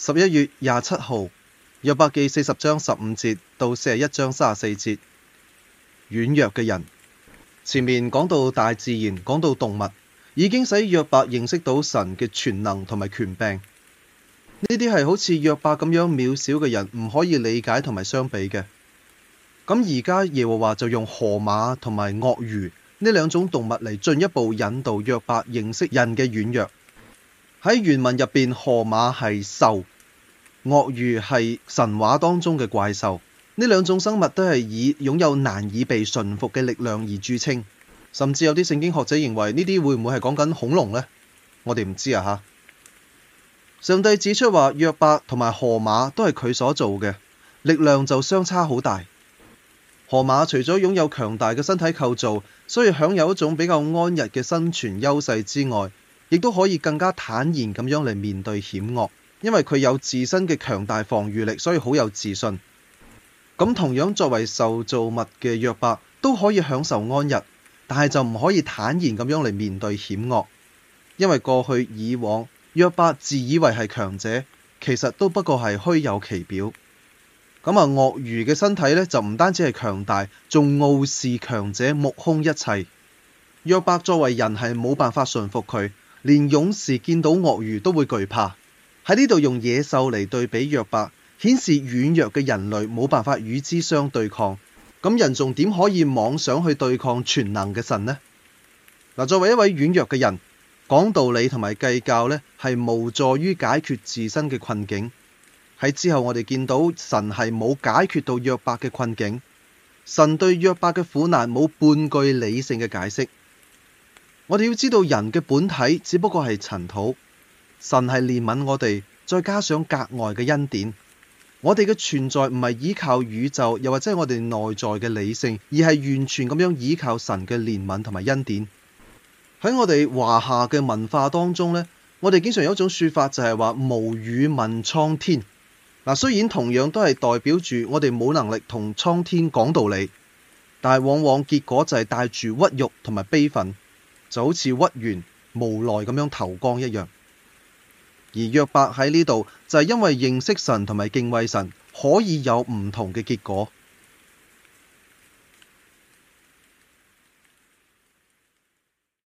十一月廿七號，約伯記四十章十五節到四十一章三十四節，軟弱嘅人。前面講到大自然，講到動物，已經使約伯認識到神嘅全能同埋權柄。呢啲係好似約伯咁樣渺小嘅人唔可以理解同埋相比嘅。咁而家耶和華就用河馬同埋鱷魚呢兩種動物嚟進一步引導約伯認識人嘅軟弱。喺原文入邊，河馬係獸，鱷魚係神話當中嘅怪獸。呢兩種生物都係以擁有難以被馴服嘅力量而著稱。甚至有啲聖經學者認為呢啲會唔會係講緊恐龍呢？我哋唔知啊吓。上帝指出話，約伯同埋河馬都係佢所做嘅，力量就相差好大。河馬除咗擁有強大嘅身體構造，所以享有一種比較安逸嘅生存優勢之外，亦都可以更加坦然咁樣嚟面對險惡，因為佢有自身嘅強大防御力，所以好有自信。咁同樣作為受造物嘅約伯都可以享受安逸，但係就唔可以坦然咁樣嚟面對險惡，因為過去以往約伯自以為係強者，其實都不過係虛有其表。咁啊鱷魚嘅身體呢，就唔單止係強大，仲傲視強者，目空一切。約伯作為人係冇辦法馴服佢。連勇士見到鱷魚都會懼怕，喺呢度用野獸嚟對比約伯，顯示軟弱嘅人類冇辦法與之相對抗。咁人仲點可以妄想去對抗全能嘅神呢？嗱，作為一位軟弱嘅人，講道理同埋計較呢係無助於解決自身嘅困境。喺之後我哋見到神係冇解決到約伯嘅困境，神對約伯嘅苦難冇半句理性嘅解釋。我哋要知道人嘅本體只不過係塵土，神係憐憫我哋，再加上格外嘅恩典。我哋嘅存在唔係依靠宇宙，又或者係我哋內在嘅理性，而係完全咁樣依靠神嘅憐憫同埋恩典。喺我哋華夏嘅文化當中呢，我哋經常有一種說法，就係話無語問蒼天。嗱，雖然同樣都係代表住我哋冇能力同蒼天講道理，但係往往結果就係帶住屈辱同埋悲憤。就好似屈原無奈咁樣投江一樣，而約伯喺呢度就係、是、因為認識神同埋敬畏神，可以有唔同嘅結果。